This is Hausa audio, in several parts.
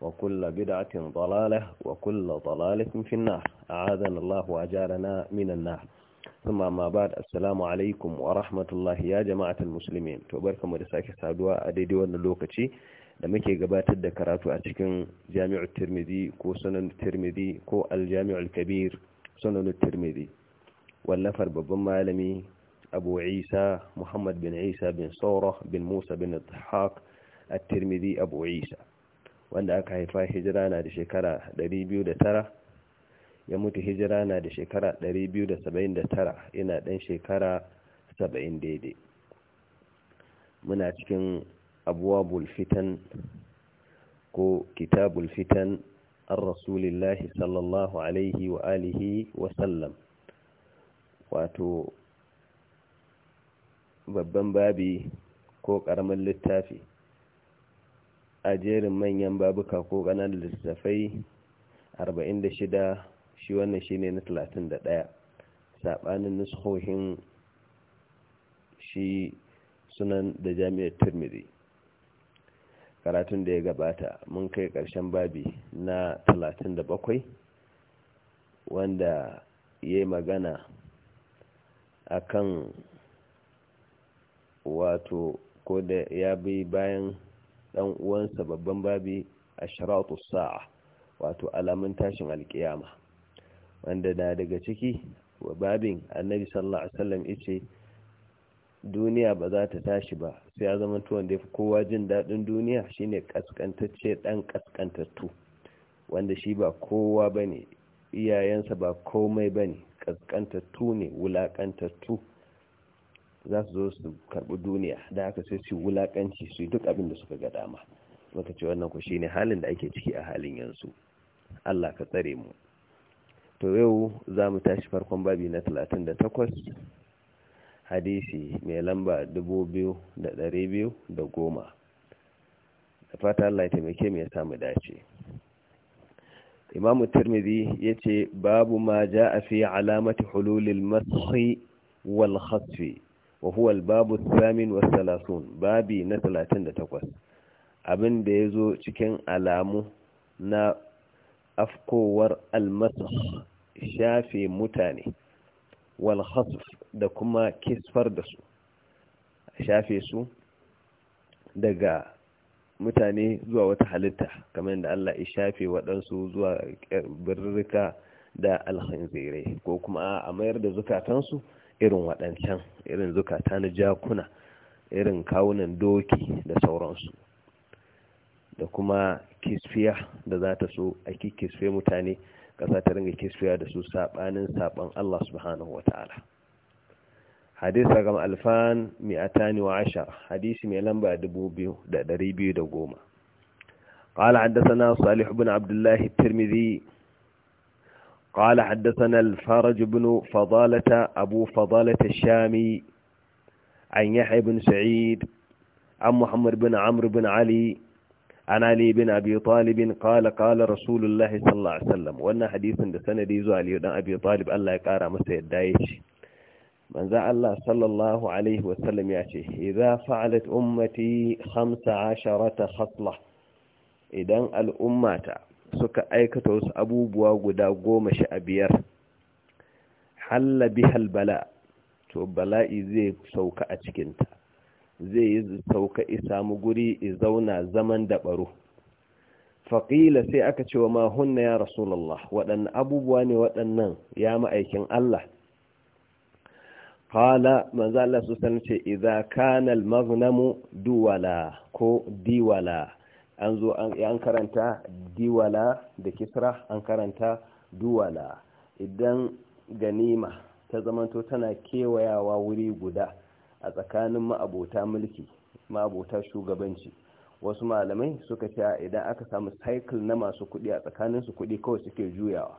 وكل بدعة ضلالة وكل ضلالة في النار أعاذنا الله وأجارنا من النار ثم ما بعد السلام عليكم ورحمة الله يا جماعة المسلمين تباركم ورساك سادوا أديدي lokaci da muke gabatar da karatu a cikin jami'ar tirmidhi ko sunan tirmidhi ko aljami'ul kabir sunan tirmidhi wallafar babban malami abu isa muhammad bin isa bin saurah bin musa bin dhahaq at-tirmidhi abu isa wanda aka haifa hijira na da shekara 209 ya mutu hijira na da shekara 279 ina dan shekara 70 daidai muna cikin abuwa bulfitan ko kitabul fitan an rasulillahi sallallahu alaihi wa alihi wa sallam wato babban babi ko ƙaramin littafi a jerin manyan babuka ko ganar littattafai 46 shi wannan shi ne na 31 saɓanin nuskohin shi sunan da jami'ar turmiri karatun da ya gabata mun kai ƙarshen babi na 37 wanda ya yi magana kan wato ko da ya bi bayan dan uwansa babban babi ashratu sa'a wato alamun tashin alkiyama wanda na daga ciki wa babin annabi sallallahu alaihi wasallam yace duniya ba za ta tashi ba sai ya zama tuwon da yafi kowa jin dadin duniya shine kaskantacce dan kaskantattu wanda shi ba kowa bane iyayensa ba komai bane kaskantattu ne wulakantattu za su zo su karɓi duniya da haka sai su wulaƙanci su duk abin da suka ga dama muka ce wannan ku shine halin da ake ciki a halin yanzu Allah ka tsare mu to yau za mu tashi farkon babi na 38 hadisi mai lamba 2210 da goma da fata Allah ya taimake mu ya samu dace imamu ya ce babu ma jaa fi alamati hululil mashi wal khasfi wa babu al-babu al babu na talatin da na 38 abin da yazo cikin alamu na afkowar al shafe mutane wal da kuma kisfar da su shafe su daga mutane zuwa wata halitta kamar da Allah ya shafe waɗansu zuwa birrika da alhanzirai ko kuma a mayar da zukatansu irin waɗancan irin zukata na jakuna irin kawunan doki da sauransu da kuma kisfiya da za ta so ake kisfe mutane ƙasa ta ringa kisfiya da su saɓanin saɓan Allah subhanahu wa ta'ala hadis ragam alfan mi'atani wa ashar hadisi mai lamba dubu biyu da ɗari biyu da goma قال حدثنا صالح بن عبد الله الترمذي قال حدثنا الفارج بن فضالة أبو فضالة الشامي عن يحيى بن سعيد عن محمد بن عمرو بن علي عن علي بن أبي طالب قال قال رسول الله صلى الله عليه وسلم وأن حديث دسنة ديزو علي بن أبي طالب الله يقارى مسيد دايش من ذا الله صلى الله عليه وسلم يأتي إذا فعلت أمتي خمس عشرة خصلة إذن الأمة suka aikata wasu abubuwa guda goma sha biyar halla bihal bala to bala'i zai sauka a cikinta zai yi sauka isamu guri i zauna zaman baro. faƙila sai aka ce wa mahunna ya rasulallah waɗannan abubuwa ne waɗannan ya ma'aikin Allah ƙala maza Allah su sanace ce idza duwala ko diwala an zo an karanta diwala da kisra an karanta duwala idan ganima ta zamanto tana kewayawa wuri guda a tsakanin ma'abota mulki ma'abota shugabanci wasu malamai suka ce idan aka samu cycle na masu kudi a tsakanin su kudi kawai suke juyawa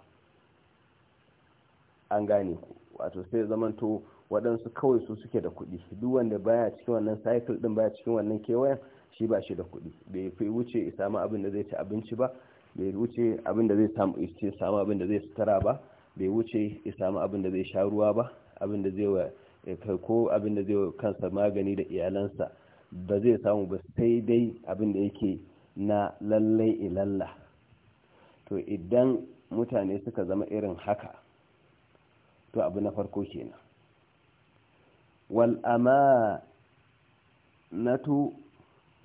an gane ku wato sai zamanto waɗansu kawai su suke da kudi duk wanda baya cikin wannan cycle din baya cikin wannan kewayen shi ba shi da kuɗi bai fi wuce ya samu abin da zai ci abinci ba bai wuce abin da zai samu ya samu abin da zai sutura ba bai wuce ya samu abin da zai sha ruwa ba abin da zai wa ko abin da zai wa kansa magani da iyalansa ba zai samu ba sai dai abin da yake na lallai ilalla to idan mutane suka zama irin haka to abu na farko kenan wal amanatu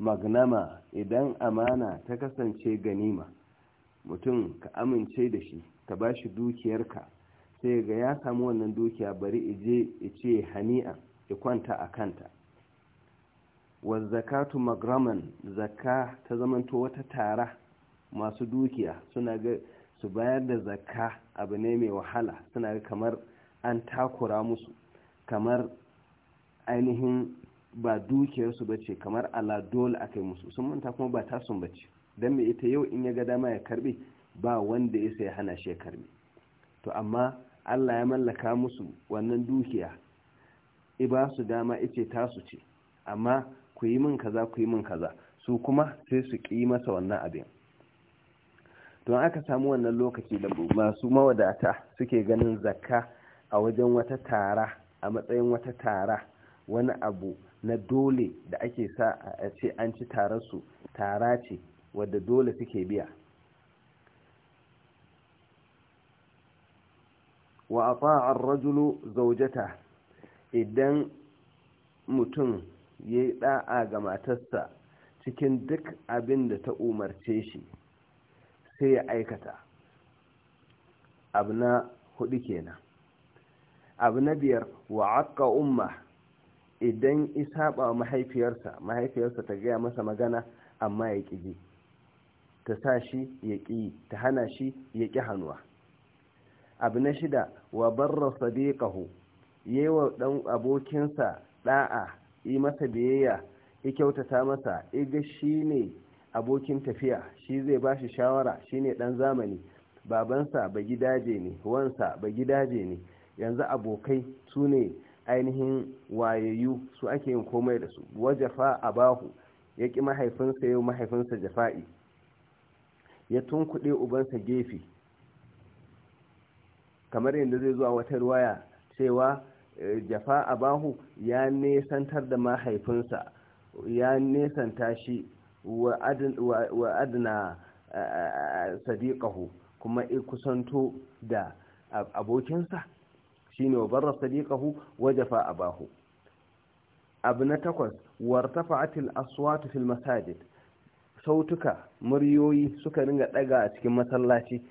magnama idan amana ta kasance ganima mutum ka amince da shi ka ba shi dukiyarka sai ga ya samu wannan dukiya bari ije ce hani'a ya kwanta a kanta wanda zakatu magraman zakka ta zamanto wata tara masu dukiya suna ga su bayar da zakka abu ne mai wahala suna ga kamar an takura musu kamar ainihin ba dukiyarsu ba ce kamar ala dole aka yi musu sun manta kuma ba ta ba ce don mai ita yau in ya ga dama ya karbe ba wanda ya sai hana shi ya karbe to amma allah ya mallaka musu wannan dukiya i ba su dama ice tasu ce amma ku yi min kaza ku yi min kaza su kuma sai su ƙi masa wannan abin don aka samu wannan lokaci da masu mawadata suke ganin zakka a wajen wata tara a matsayin wata tara wani abu na dole da ake sa a ce an ci tararsu tara ce wadda dole suke biya wa a fa'ar rajulu zaujata idan mutum ya yi ɗa'a ga matarsa cikin duk abin da ta umarce shi sai ya aikata abu na hudu kenan abu na biyar wa akka umma idan isaɓa mahaifiyarsa mahaifiyarsa ta gaya masa magana amma ya ƙi ta sa shi ya ƙi ta hana shi ya ƙi hannuwa abu na shida wa barra sadiqahu wa dan abokinsa da'a yi masa biyayya ya kyautata masa iga shi ne abokin tafiya shi zai ba shi shawara shi ne ɗan zamani babansa ba gidaje ne wansa ba gidaje ne yanzu abokai su ne ainihin wayayyu su ake yin komai da su wajafa bahu ya ƙi mahaifinsa yau mahaifinsa jafa'i ya tunkuɗe ubansa gefe kamar yadda zai zuwa wata ruwaya cewa eh, jafa a bahu ya nesantar da mahaifinsa ya nesanta shi wa adana eh, eh, sadiƙahu kuma kusanto da abokinsa shine wa barra sadiqahu wa jafa abahu abu na takwas wartafa'atil aswatu fil masajid sautuka muryoyi suka ringa daga a cikin masallaci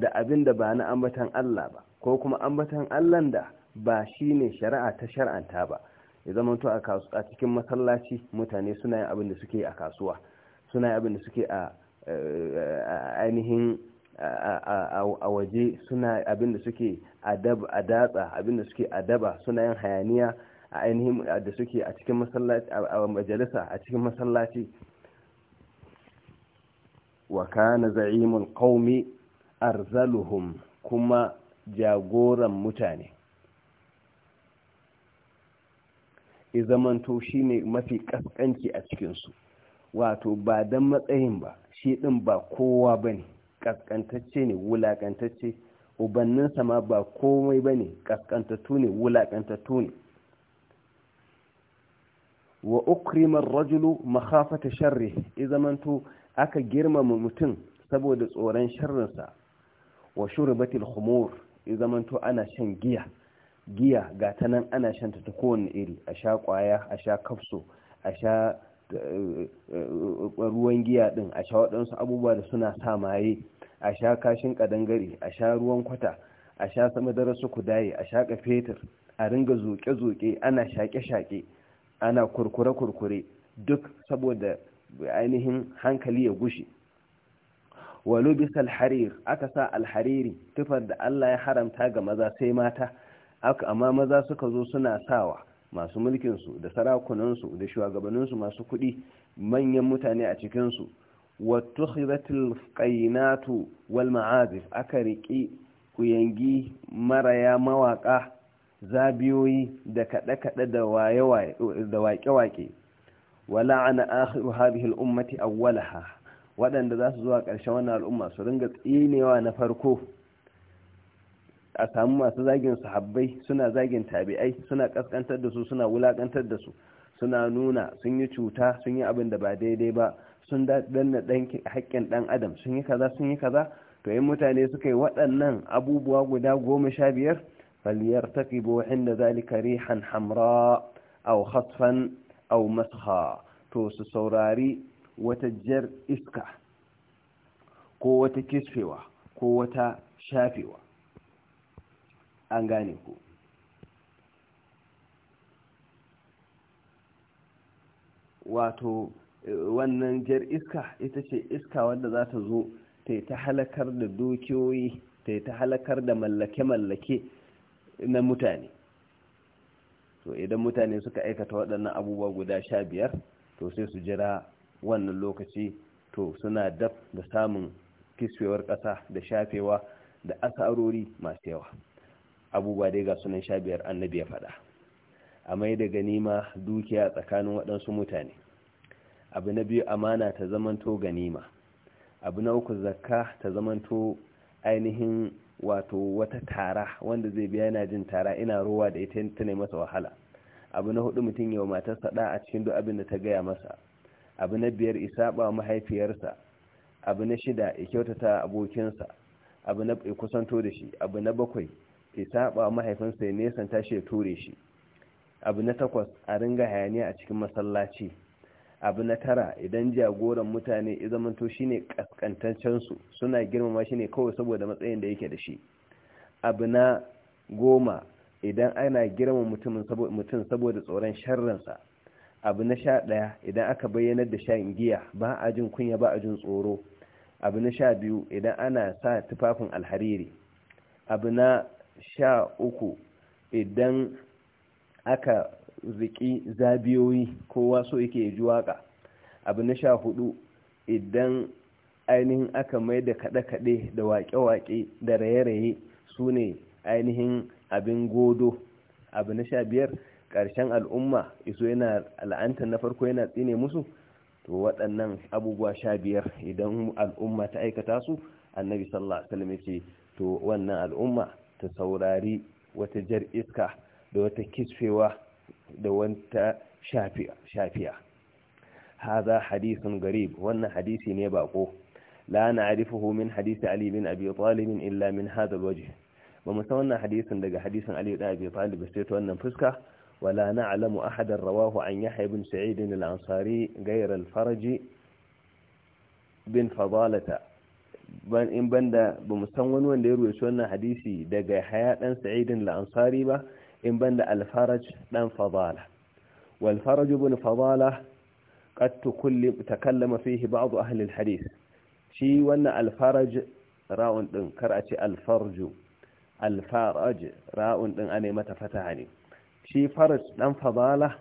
da abin ba na ambatan Allah ba ko kuma ambatan Allah da ba shine shari'a ta shar'anta ba ya zama to a cikin masallaci mutane suna yin abin da suke a kasuwa suna yin abin da suke a eh, eh, ainihin a waje suna abinda suke a datsa abinda suke adaba suna yin hayaniya a ainihin da suke a cikin masallaci a majalisa a cikin masallaci wa kana za'imul qaumi arzaluhum kuma jagoran mutane izamanto shine mafi kaskanci a cikinsu wato ba dan matsayin ba shi din ba kowa bane kaskantacce ne wulakantacce ubanninsa ma ba komai ba ne kaskantattu ne wulakantattu ne wa ukrimar rajulu makhafata sharri izamanto aka girmama mutum saboda tsoron sharrinsa wa shurbatil khumur izamanto ana shan giya giya ga ta nan ana shanta ta kowane iri a sha kwaya a sha kafso a sha Eh, ruwan giya din a sha waɗansu abubuwa da suna sa maye a sha kashin ƙadangare a sha ruwan kwata a sha madarar su kudaye a sha fetur a ringa zoke-zoke ana shaƙe-shaƙe ana kurkure-kurkure duk saboda ainihin hankali ya gushe walu bisa alharir aka sa alhariri tufar da Allah ya haramta ga maza sai mata amma maza suka zo suna sawa masu mulkinsu da sarakunansu da shugabanninsu masu kudi manyan mutane a cikin cikinsu wattukhiratul qainatu wal ma'azif aka riƙi kuyangi maraya mawaƙa zabiyoyi da kaɗe-kaɗe da waƙe-waƙe wala ana akhiru hadhihi al-ummati awwalaha waɗanda za su zuwa ƙarshen wannan al'umma su ringa tsinewa na farko a samu masu zagin sahabbai suna zagin tabi'ai suna kaskantar da su suna wulakantar da su suna nuna sun yi cuta sun yi abin da ba daidai ba sun danna haƙƙin dan adam sun yi kaza sun yi kaza to yin mutane suka yi waɗannan abubuwa guda goma sha biyar faliyar tafi bo da zalika rihan hamra au hasfan au masha to su saurari wata jar iska ko wata kisfewa ko wata shafewa an gane ku wato wannan jar iska ita ce iska wanda za ta zo ta ta halakar da dukiyoyi ta ta halakar da mallake-mallake na mutane to idan mutane suka aikata waɗannan abubuwa guda sha biyar to sai su jira wannan lokaci to suna daf da samun kiswewar ƙasa da shafewa da asarori masu yawa abubuwa dai ga sunan sha biyar annabi ya faɗa a mai da ganima dukiya tsakanin waɗansu mutane abu na biyu amana ta zamanto ganima abu na uku zakka ta zamanto ainihin wato wata tara wanda zai biya yana jin tara ina ruwa da ita ta masa wahala abu na hudu mutum yawa matarsa da a cikin duk abin da ta gaya masa abu na biyar ba mahaifiyarsa abu na shida ya kyautata abokinsa abu na kusanto da shi abu na bakwai ke saba mahaifinsa ya nesanta shi ya ture shi abu na takwas a ringa hayaniya a cikin masallaci abu na tara idan jagoran mutane ya zamanto shi ne kaskantancensu suna girmama shi ne kawai saboda matsayin da yake da shi abu na goma idan ana girmama mutum saboda tsoron sharransa abu na sha ɗaya idan aka bayyanar da shan giya ba a jin kunya ba a jin tsoro abu na sha biyu idan ana sa tufafin alhariri abu na sha uku idan aka ziki zabiyoyi kowa so yake ji waka abu na sha hudu idan ainihin aka mai da kaɗe-kaɗe da waƙe-waƙe da raye-raye su ne ainihin abin godo abu na sha biyar ƙarshen al'umma iso yana la'anta na farko yana tsine musu to waɗannan abubuwa sha biyar idan al'umma ta aikata su annabi sallallahu alaihi wasallam to wannan al'umma ta saurari wata jar iska da wata kisfewa da wata shafiya haza hadisun garib wannan hadisi ne bako la na'rifuhu min hadisi ali bin abi talib illa min hadha alwajh ba mu san wannan hadisin daga hadisin ali da abi talib sai ta wannan fuska ولا نعلم أحدا رواه عن يحيى بن سعيد الأنصاري غير الفرج بن فضالة in banda ba mu san wani wanda ya ruwaci wannan hadisi daga haya dan sa'idin la'ansari ba in banda alfaraj dan fadala wal faraj ibn fadala qad takallama fihi ba'd ahli al hadith shi wannan alfaraj ra'un din kar a ce alfaraj ra'un din ane mata fataha ne shi faraj dan fadala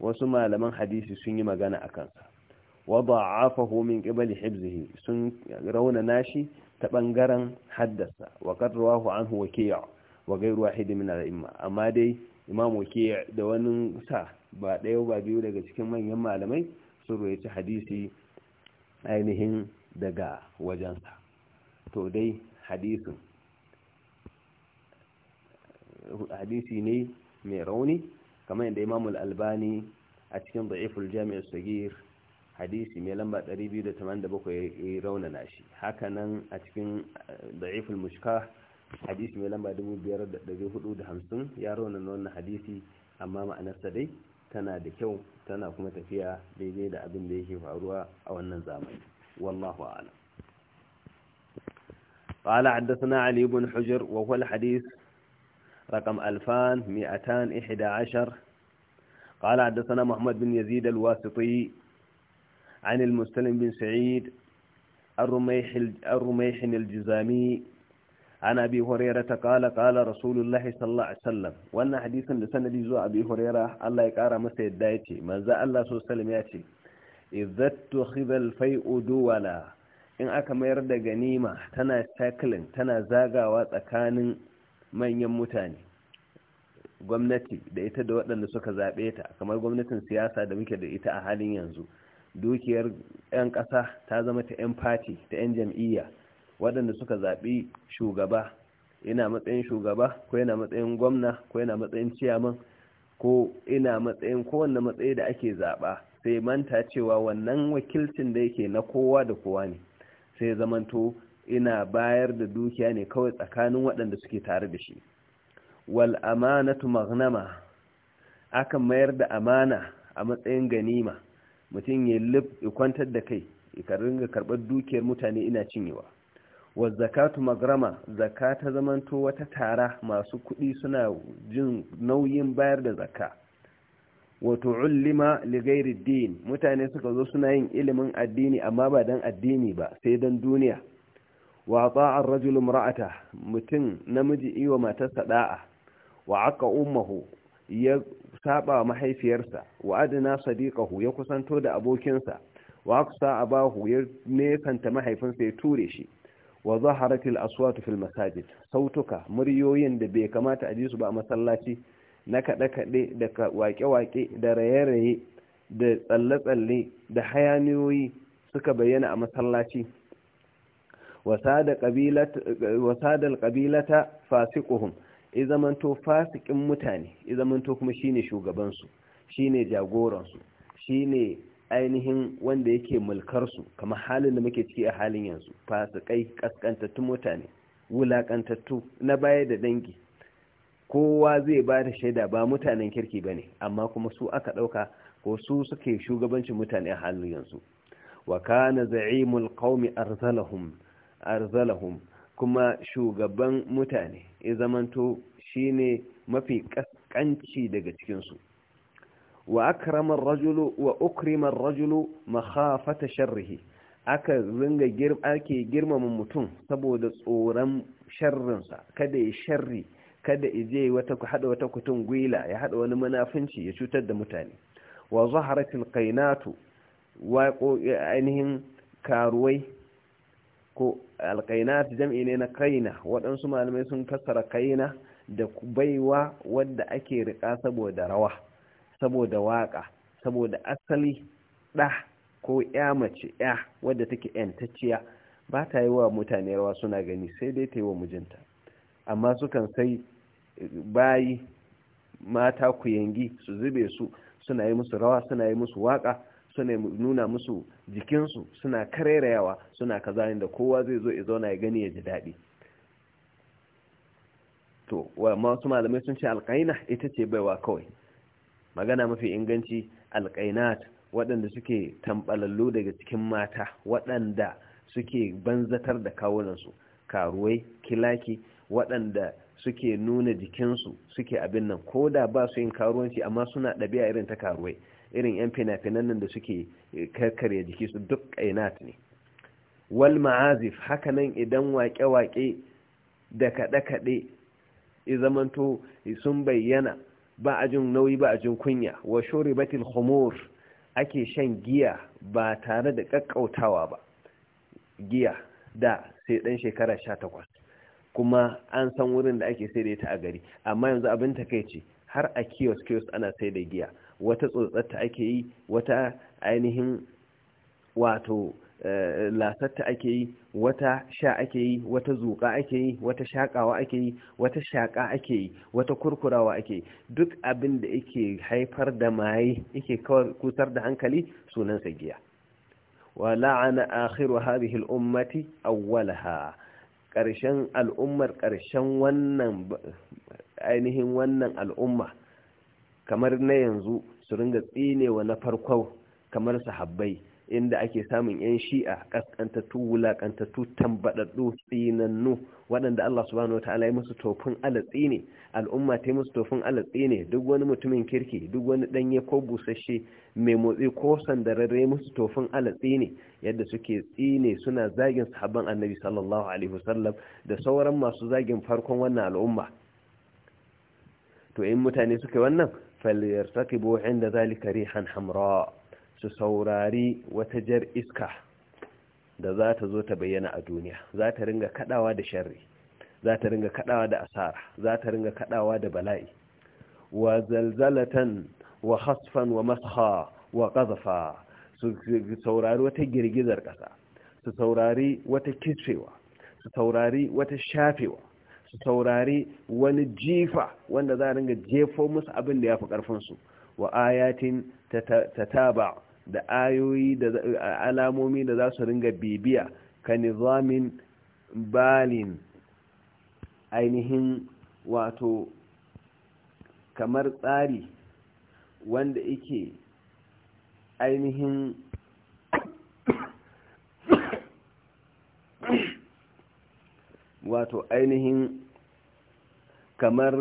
wasu malaman hadisi sun yi magana akan sa وضعفه من قبل حبزه سن رون ناشي تبنغران حدثا وقد رواه عنه وكيع وغير واحد من الإمام أما دي إمام وكيع دوان سا ديو با بيو لغا تكما يما لمي سروي حديثي أينهن daga وجانسا تو دي حديث حديثي ني ميروني كما عند إمام الألباني أتكين ضعيف الجامع الصغير hadisi mai lamba 287 ya na shi hakanan a cikin eh, da'iful mushka hadisi mai lamba 5450 ya na wannan hadisi amma ma'anarsa dai tana da kyau tana kuma tafiya daidai da abin da yake faruwa a wannan zamani wallahu a'lam قال حدثنا علي بن حجر وهو الحديث رقم عشر قال حدثنا محمد بن يزيد الواسطي عن المستلم بن سعيد الرميح الرميح الجزامي عن أبي هريرة قال قال رسول الله صلى الله عليه وسلم وأن حديثا لسنة جزو أبي هريرة الله يقار مسيد دايتي ما زال الله صلى الله ياتي وسلم يأتي إذا اتخذ الفيء دولا in aka mayar da ganima tana tackling tana zagawa tsakanin manyan mutane gwamnati da ita da waɗanda suka zaɓe ta kamar gwamnatin siyasa da muke da ita a halin dukiyar 'yan ƙasa ta zama ta 'yan fati ta 'yan jam'iyya waɗanda suka zaɓi shugaba ina matsayin shugaba ko yana matsayin gwamna ko yana matsayin ciyaman ko ina matsayin kowanne matsayi da ake zaɓa sai manta cewa wannan wakilcin da yake na kowa da kowa ne sai zamanto ina bayar da dukiya ne kawai tsakanin waɗanda suke tare da shi wal amanatu magnama akan mayar da amana a matsayin ganima mutum ya kwantar da kai ya ringa karɓar dukiyar mutane ina cinyewa wa zakatu magrama zaka ta zamanto wata tara masu kuɗi suna jin nauyin bayar da zaka wato ulima ligairi din mutane suka zo suna yin ilimin addini amma ba don addini ba sai don duniya wa ta'ar rajulun ra'ata mutum namiji iwa matarsa da'a wa aka ummahu? ya saba mahaifiyarsa wa adina sadiqahu ya kusanto da abokinsa wa aqsa abahu ya nesanta mahaifinsa ya ture shi wa zaharatil aswatu fil masajid sautuka muryoyin da bai kamata a ji su ba a masallaci na kaɗe kade da wake wake da raye raye da tsalle tsalle da hayaniyoyi suka bayyana a masallaci wa sada qabilata fasiquhum izamanto fasikin mutane izamanto kuma shine shugabansu shine jagoransu shine ainihin wanda yake mulkarsu kamar halin da muke ciki a halin yanzu fasikai kaskantattun mutane wulakantattu na baya da dangi kowa zai ba da shaida ba mutanen kirki ba ne amma kuma su aka ɗauka ko su suke shugabancin mutane a halin yanzu wa kana za'imul qaumi arzalahum arzalahum kuma shugaban mutane ya zamanto ne mafi kaskanci daga cikinsu wa akramar rajulu wa ukrimar rajulu makhafata sharrihi aka zunga ake girmama mutum saboda tsoron sharrinsa kada ya sharri kada ya je wata hada wata kutun gwila ya hada wani manafinci ya cutar da mutane wa zaharatil qainatu wa ainihin karuwai ko ta jam'i ne na kaina waɗansu malamai sun kasara kaina da baiwa wadda ake riƙa saboda rawa saboda waƙa saboda asali ɗa ko ya mace ya wadda take ‘yantacciya ba ta yi wa mutane rawa suna gani sai dai ta yi wa mijinta amma sukan sai bayi mata ku yangi su zube su suna yi musu rawa suna yi musu waƙa suna nuna musu jikinsu suna karerayawa suna kaza da kowa zai zo ya zauna ya gani ya ji daɗi to masu malamai sun ce alƙaina ita ce baiwa kawai magana mafi inganci alƙainat waɗanda suke tambalallu daga cikin mata waɗanda suke banzatar da kawunansu karuwai kilaki waɗanda suke nuna jikinsu suke abin nan ko da ba su yin karuwanci amma suna ɗabi'a irin ta karuwai irin yan fina-finan nan da suke eh, karkarya jiki su duk kainat ne wal ma'azif hakanan idan waƙe-waƙe da kaɗe-kaɗe zamanto sun bayyana ba a jin nauyi ba a jin kunya wa batil khumur ake shan giya ba tare da ƙaƙƙautawa ba giya da sai ɗan shekara 18 kuma an san wurin da ake sai da ita a gari amma yanzu abin takaici har a kiosk kiosk ana sai da giya wata tsotsatta ake yi wata ainihin wato eh, lasatta ake yi wata sha ake yi wata zuƙa ake yi wata shaƙawa ake yi wata shaƙa ake yi wata kurkurawa ake yi duk abin da yake haifar da maye yake kusar da hankali sunansa giya wa la'ana akhiru hadhihi al-ummati awwalaha karshen al'ummar karshen wannan ainihin wannan al'umma kamar na yanzu su ringa tsinewa na farko kamar sahabbai inda ake samun 'yan shi'a kaskantattu wulakantattu tambadaddu tsinannu waɗanda Allah subhanahu wa ta'ala ya musu tofin alatsi ne al'umma ta yi musu tofin alatsi ne duk wani mutumin kirki duk wani ɗanye ko busasshe mai motsi ko sandararre musu tofin alatsi ne yadda suke tsine suna zagin sahabban annabi sallallahu alaihi wasallam da sauran masu zagin farkon wannan al'umma to in mutane suka wannan falyartakibu inda zalika rihan hamra su saurari wata jar iska da za ta zo ta bayyana a duniya za ta ringa kadawa da sharri za ta ringa kadawa da asara za ta ringa kadawa da bala'i wa zalzalatan wa hasfan wa masha wa kazafa su saurari wata girgizar kasa su saurari wata kitsewa su saurari wata shafewa su taurari wani jifa wanda za a ringa jefo musu abin da ya fi ƙarfinsu wa ayatin tataba da ayoyi da alamomi da za su ringa bibiya ka nizamin balin ainihin wato kamar tsari wanda ike ainihin wato ainihin kamar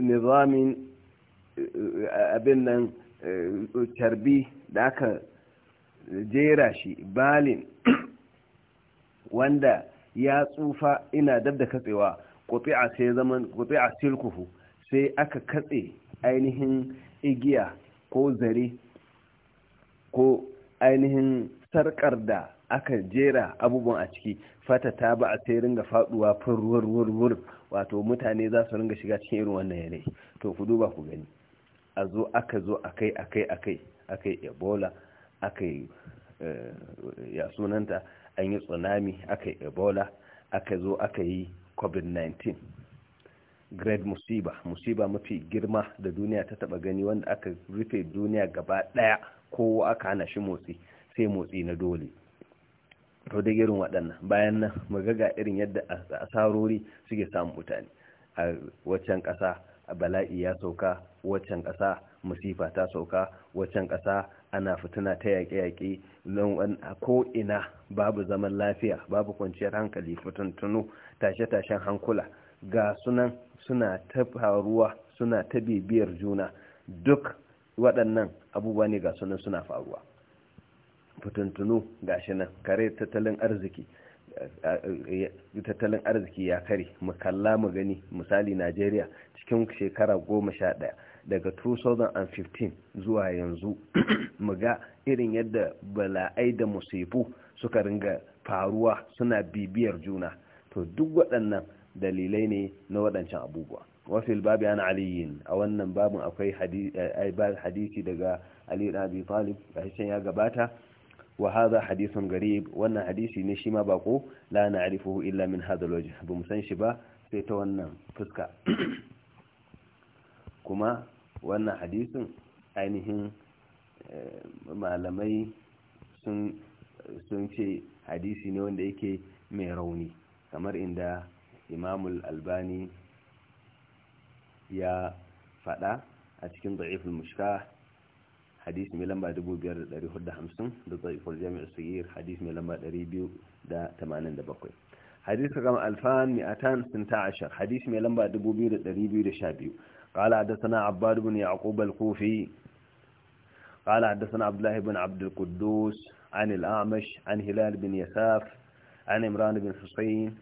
nizamin eh, abin nan eh, carbi da aka jera shi balin wanda ya tsufa ina dab da katsewa kutsi'a sai zaman kutsi'a silkuhu sai aka katse ainihin igiya ko zare ko ainihin sarkar da aka jera abubuwan a ciki fata ta ba a sai ringa faduwa furwurwurwur wato mutane za su ringa shiga cikin irin wannan yanayi to ku duba ku gani a zo aka zo akai akai akai akai ebola akai eh, ya sunanta an yi tsunami akai ebola aka zo aka yi covid-19 great musiba musiba mafi girma da duniya ta taba gani wanda aka rufe duniya gaba daya kowa aka hana shi motsi sai motsi na dole to da irin waɗannan bayan nan mu ga irin yadda asarori suke samun mutane a waccan ƙasa bala'i ya sauka waccan ƙasa musifa ta sauka waccan ƙasa ana fituna ta yaƙe-yaƙe ko ina babu zaman lafiya babu kwanciyar hankali fitintunu tashe-tashen hankula ga sunan suna ta faruwa suna ta bibiyar juna duk waɗannan abubuwa ne ga sunan suna faruwa fitintunu shi nan kare eh, tattalin arziki ya kare mu kalla mu gani misali Najeriya cikin shekara goma sha ɗaya daga 2015 zuwa yanzu mu ga irin yadda bala'ai da musifu suka ringa faruwa suna bibiyar juna to duk waɗannan dalilai ne na waɗancan abubuwa wafil babi an aliyin a wannan babin akwai eh, hadisi daga aliyu ɗan abi talib ga ya gabata wa hadha hadithun gharib wannan hadisi ne shi ma bako la na'rifuhu illa min hadha alwajh ba mu san shi ba sai ta wannan fuska kuma wannan hadisin ainihin eh, malamai sun sun ce hadisi ne wanda yake mai rauni kamar inda imamul albani ya fada a cikin al mushkah hadis mai lamba 5450 da zai zaifar jami'ar sigir hadis mai lamba 287 hadis kama alfan mi'atan sinta ashar hadis mai lamba 2212 qala hadathana abbad ibn yaqub al-kufi qala hadathana abdullah ibn abd al-quddus an al-a'mash an hilal bin yasaf an imran ibn husayn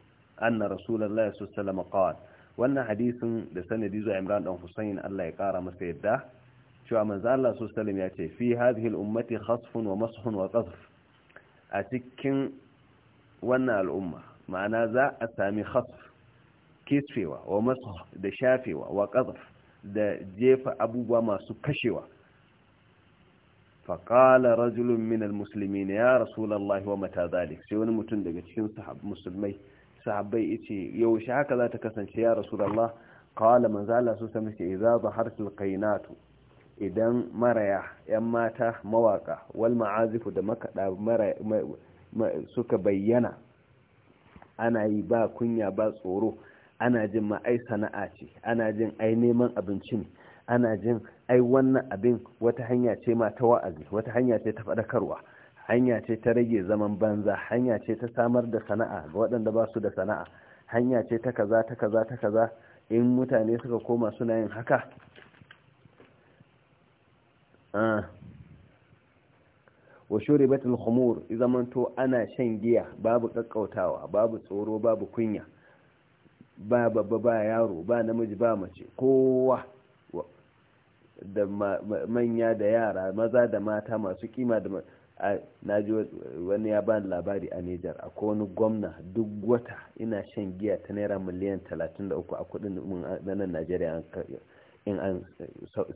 anna rasulullahi sallallahu alaihi wasallam qala wannan hadisin da sanadi zuwa imran dan husayn Allah ya kara masa yadda cewa manzo Allah su sallam ya ce fi hadhihi al-ummati khasfun wa mashun wa qazf a cikin wannan al'umma ma'ana za a sami khasf kisfewa wa mash da shafewa wa qazf da jefa abubuwa masu kashewa faƙala rajulun al musulmi ne ya rasulallah wa mata zalik sai wani mutum daga cikin musulmai sahabbai yau shi haka za ta kasance ya rasulallah ƙawala manzala su sami ce iza zahartul kainatu idan maraya 'yan mata mawaka wal ma'azifu da makaɗa suka bayyana ana yi ba kunya ba tsoro ana jin ma'ai sana'a ce ana jin ai neman abinci ne ana jin ai wannan abin wata hanya ce ma ta wa'azi wata hanya ce ta faɗakarwa hanya ce ta rage zaman banza hanya ce ta samar da sana'a ga waɗanda ba su da sana'a hanya ce ta kaza ta kaza ta kaza in mutane suka koma suna yin haka Ah. wa shuribatul khumur zamanto ana shan giya babu kakkautawa babu tsoro babu kunya ba babba ba yaro ba namiji ba mace kowa da manya da yara maza da mata masu kima da na ji wani ya bani labari a Nijar akwai wani gwamna duk wata ina shan giya ta naira miliyan 33 a kudin nan Najeriya in an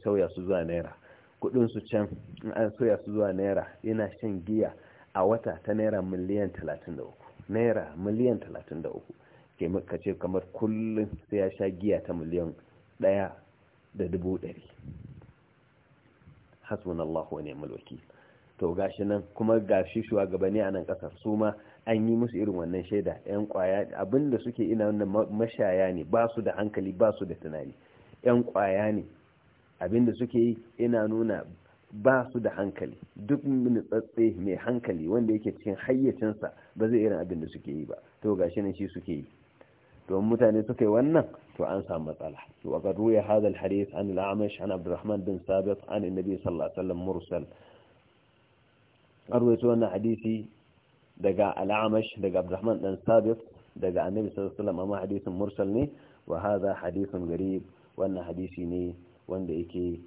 sauya su zuwa naira kudin su can in an soya su zuwa naira yana shan giya a wata ta naira miliyan 33 naira miliyan 33 ke ka ce kamar kullum sai ya sha giya ta miliyan 1 da dubu ɗari mulki wa wakil to gashi nan kuma gashi shugabanni a nan kasar su ma an yi musu irin wannan shaida yan kwaya abinda suke ina wannan mashaya ne ba su da hankali ba su da tunani yan kwaya ne abinda suke yi ina nuna ba su da hankali duk nutsatse mai hankali wanda yake cikin hayyacinsa ba zai irin abinda suke yi ba to gashi nan shi suke yi to mutane suka yi wannan to an samu matsala to qad ruya hadha al-hadith an al-a'mash an Abdurrahman bin Sabit an annabi sallallahu alaihi wasallam mursal arwayo wannan hadisi daga al-a'mash daga Abdurrahman dan Sabit daga annabi sallallahu alaihi wasallam amma hadisin mursal ne wa hadha hadithun gharib wannan hadisi ne wanda yake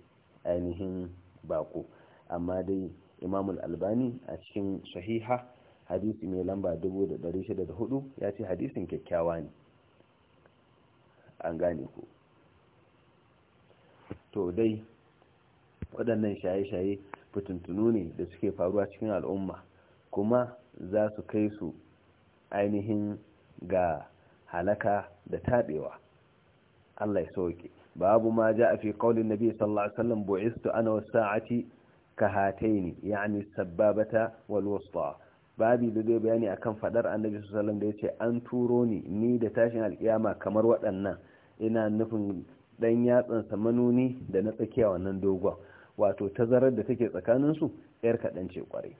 ainihin bako amma dai imamul albani a cikin sahiha hadisi mai lamba 1604 ya ce hadisin kyakkyawa ne an gane ku to dai waɗannan shaye-shaye fitintunu ne da suke faruwa cikin al'umma kuma za su kai su ainihin ga halaka da taɓewa allah ya sauke babu ma ja a fi ƙaunin nabi sallallahu alaihi wasallam bu'istu ana wasa'ati ka hataini yani sababata babi da zai bayani akan fadar annabi sallallahu alaihi wasallam da an turo ni ni da tashin alkiyama kamar waɗannan ina nufin ɗan yatsan samanoni da na tsakiya wannan dogon wato tazarar da take tsakanin su yar kaɗan ce kwarai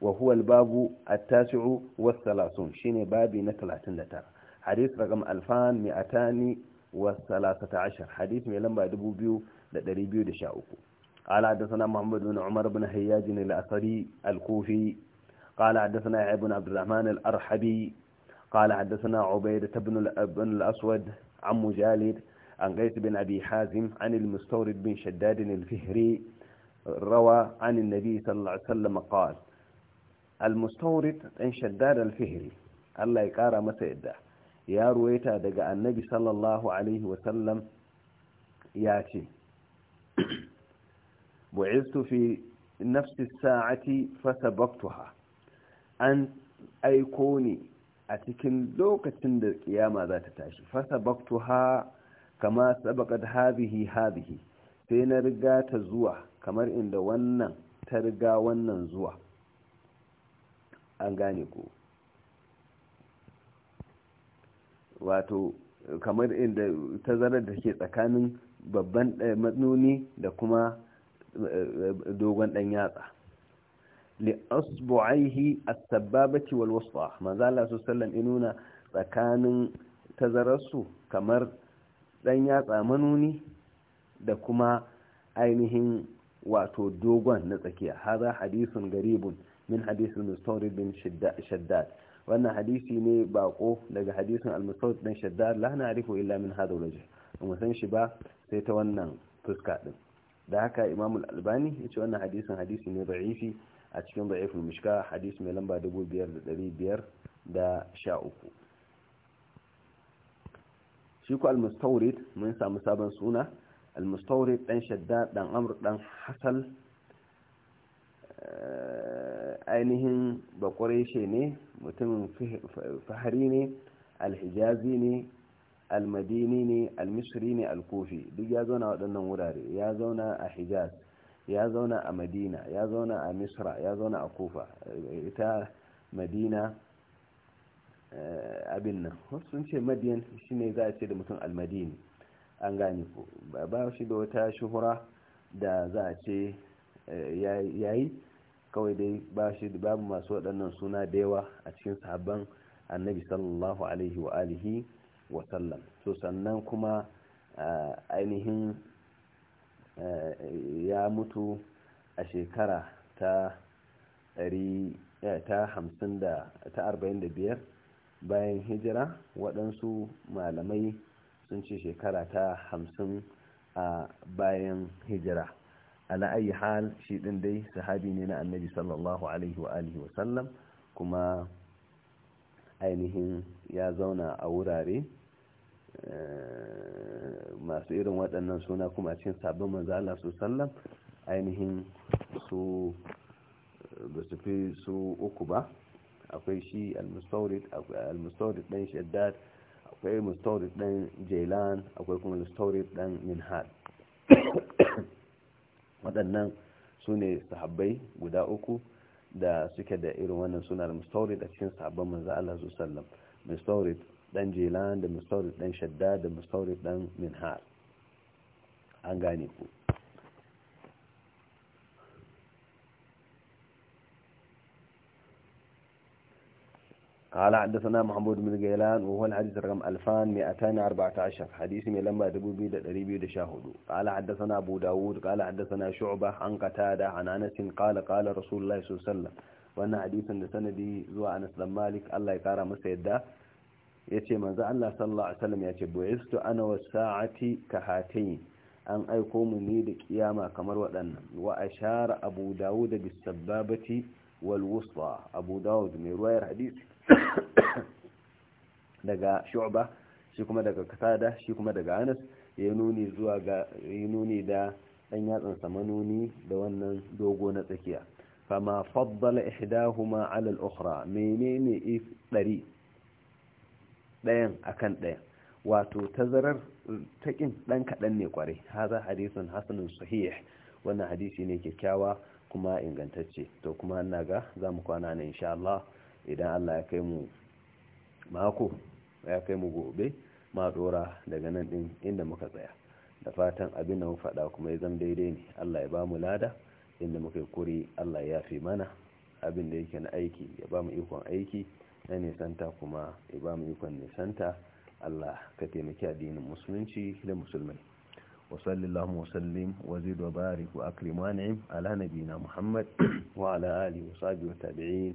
wa huwa babu at-tasi'u was-salasun shine babi na 39 hadith raqam alfan mi'atani والثلاثة عشر حديث من لما يدبو بيو لدري بيو دشاؤكو قال حدثنا محمد بن عمر بن هياج الأثري الكوفي قال حدثنا ابن بن عبد الرحمن الأرحبي قال حدثنا عبيدة بن الأسود عن مجالد عن قيس بن أبي حازم عن المستورد بن شداد الفهري روى عن النبي صلى الله عليه وسلم قال المستورد عن شداد الفهري الله يقارى مسيده ya ruwaita daga annabi sallallahu alaihi wasallam ya ce bu'istu fi nafsi sa'ati fasabaqtuha an aiko ni a cikin lokacin da kiyama za ta tashi fasabaqtuha kama sabaqat hadhihi hadhihi sai na riga ta zuwa kamar inda wannan ta riga wannan zuwa an gane ku wato kamar inda tazarar da ke tsakanin babban eh, matsuni da kuma eh, dogon dan yatsa asbu'aihi as-sababati wal wusta manzo Allah sallallahu alaihi nuna tsakanin tazararsu kamar dan yatsa manuni da kuma ainihin wato dogon na tsakiya haza hadithun garibun min hadisun mustawrid bin shaddad wannan hadisi ne bako daga hadisin al-musawwid dan shaddad la na'rifu illa min hadha wajh mu san shi ba sai ta wannan fuska din da haka imam al-albani yace wannan hadisin hadisi ne da'ifi a cikin da'iful mishka hadisi mai lamba 5513 shi ko al-mustawrid mun samu sabon suna al-mustawrid dan shaddad dan amr dan hasal eh, ainihin bakwareshe ne mutumin fahari ne alhijazi ne almadini ne almisri ne alkofi duk ya zauna waɗannan wurare ya zauna a hijaz ya zauna a madina ya zauna a misra ya zauna a kofa ita madina eh, abin nan sun ce madiyan shi ne za a ce da mutum almadini an gane ku ba shi da wata shuhura da za a ce eh, yayi kawai dai ba shi da babu masu waɗannan suna da yawa a cikin sahabban annabi sallallahu alaihi wa alihi wa sallam so sannan kuma eh, ainihin eh, ya mutu a shekara ta eh, biyar bayan hijira waɗansu malamai sun ce shekara ta hamsin a bayan hijira ala ayi hal shi din dai sahabi ne na annabi sallallahu alaihi wa alihi wa sallam kuma ainihin ya zauna a wurare eh, masu irin waɗannan suna kuma cin cikin sabon manzala su sallam ainihin su ba su fi su uku ba akwai shi al-mustawrid ɗan shaddad akwai mustawrid ɗan jailan akwai kuma mustawrid ɗan minhad waɗannan su ne sahabbai guda uku da suke da irin wannan suna da mustaurid a cikin sahabban manzo Allah su sallam mustaurid dan jelan da mustaurid ɗan shadda da mustaurid ɗan minhar an gane ku قال حدثنا محمود بن جيلان وهو الحديث رقم 2214 حديث من لما دبو بيد دريبي دشاهدو قال حدثنا ابو داود قال حدثنا شعبة عن قتادة عن انس قال قال رسول الله صلى الله عليه وسلم وانا حديث سندي زو انس بن مالك الله يقارى مسيدة yace manzo Allah sallallahu alaihi wasallam yace bu'istu ana wasa'ati kahatayn an aiko mu ni da kiyama kamar waɗannan wa ashara abu dawud bis sababati wal wusta abu dawud mai ruwayar hadisi daga shu'ba shi kuma daga kasada shi kuma daga anas ya nuni zuwa ga ya nuni da dan yatsan samanuni da wannan dogo na tsakiya fama faddala ihdahuma ala al-ukhra menene if dari dayan akan dayan wato tazarar takin dan kadan ne kware haza hadithun hasanun sahih wannan hadisi ne kyakkyawa kuma ingantacce to kuma ina ga zamu kwana ne insha Allah idan Allah ya kai mu mako ya kai mu gobe ma dora daga nan din inda muka tsaya da fatan abin da mu faɗa kuma ya zama daidai ne Allah ya ba mu lada inda muka yi kuri Allah ya fi mana abin da yake na aiki ya ba mu ikon aiki na nisanta kuma ya ba mu ikon nisanta Allah ka taimaki addinin musulunci da musulmai wa sallallahu wa sallim wa zid wa barik wa akrim wa na'im ala nabina muhammad wa ala wa sahbihi wa tabi'in